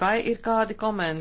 Vai ir kādi komentāri?